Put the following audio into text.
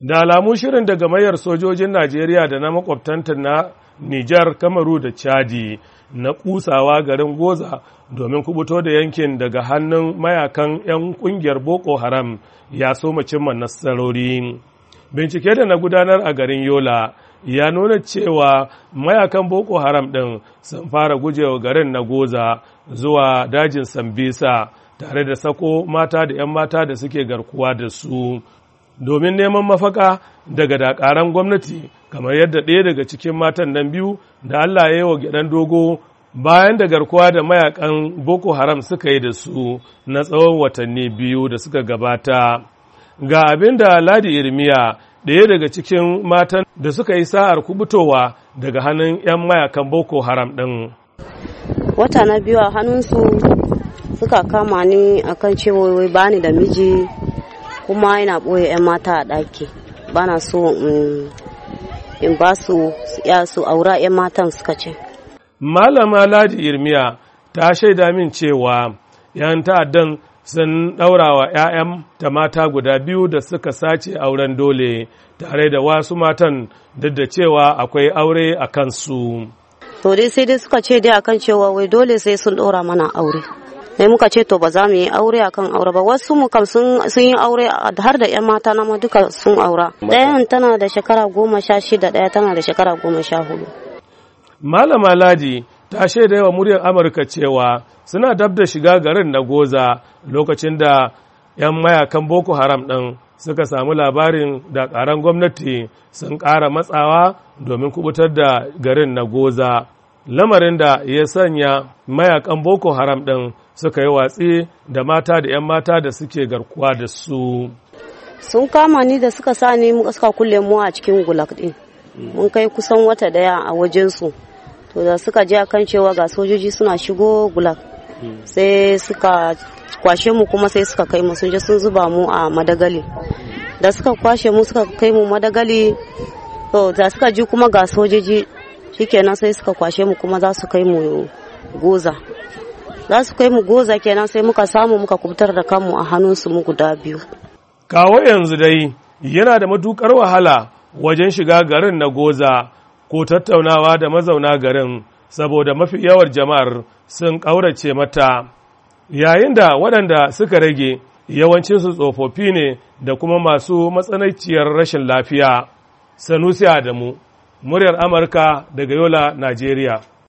da alamun shirin daga mayar sojojin najeriya da na makwabtanta na nijar kamaru da chadi na kusawa garin goza domin kubuto da yankin daga hannun mayakan 'yan kungiyar boko haram ya so cimma nasarori bincike da na gudanar a garin yola ya nuna cewa mayakan boko haram ɗin sun fara gujewa garin na goza zuwa dajin sambisa tare da sako mata da 'yan mata da suke garkuwa da su domin neman mafaka daga dakaran gwamnati kamar yadda ɗaya daga cikin matan nan biyu da Allah ya yi wa gidan dogo bayan da garkuwa da mayakan Boko Haram suka yi da su na tsawon watanni biyu da suka gabata. Ga abin da Ladi Irmiya ɗaya daga cikin matan da suka yi sa'ar kubutowa daga hannun 'yan mayakan Boko Haram ɗin. Wata na biyu a hannunsu suka kama ni akan cewa bani da miji kuma yana ɓoye 'yan mata a ɗaki bana so in ba su ya su aura 'yan matan suka ce malama ladi irmiya ta shaida min cewa 'yan ta'addan sun ɗaura wa 'ya'yan ta mata guda biyu da suka sace auren dole tare da wasu matan duk da cewa akwai aure a kansu. to dai sai dai suka ce dai akan cewa wai dole sai sun ɗora mana aure sai muka ce to ba za mu yi aure akan aure ba wasu mu kan sun yi aure har da yan mata na ma duka sun aura ɗayan tana da shekara goma sha shida ɗaya tana da shekara goma sha hudu malama ladi ta shaida yawa muryar amurka cewa suna dab da shiga garin na goza lokacin da 'yan mayakan boko haram ɗin suka samu labarin da ƙaran gwamnati sun ƙara matsawa domin kubutar da garin na goza lamarin da ya sanya mayakan boko haram ɗin suka yi watsi da mata da 'yan mata da suke garkuwa da su sun kama ni da suka sa ni suka kulle mu a cikin gulag din mun kai kusan wata daya a wajen su to da suka ji kan cewa ga sojoji suna shigo gulag sai suka kwashe mu kuma sai suka kai mu sun je sun zuba mu a madagali da suka kwashe mu suka kai mu madagali to da suka ji kuma ga sojoji shikenan sai suka kwashe mu kuma za su kai mu goza za su kai mu goza kenan sai muka samu muka kubutar da kanmu a hannunsu mu guda biyu kawo yanzu dai yana da matukar wahala wajen shiga garin na goza ko tattaunawa da mazauna garin saboda mafi yawar jama'ar sun ƙaurace mata yayin da waɗanda suka rage yawancinsu tsofaffi ne da kuma masu matsananciyar rashin lafiya sanusi adamu muryar amurka daga yola najeriya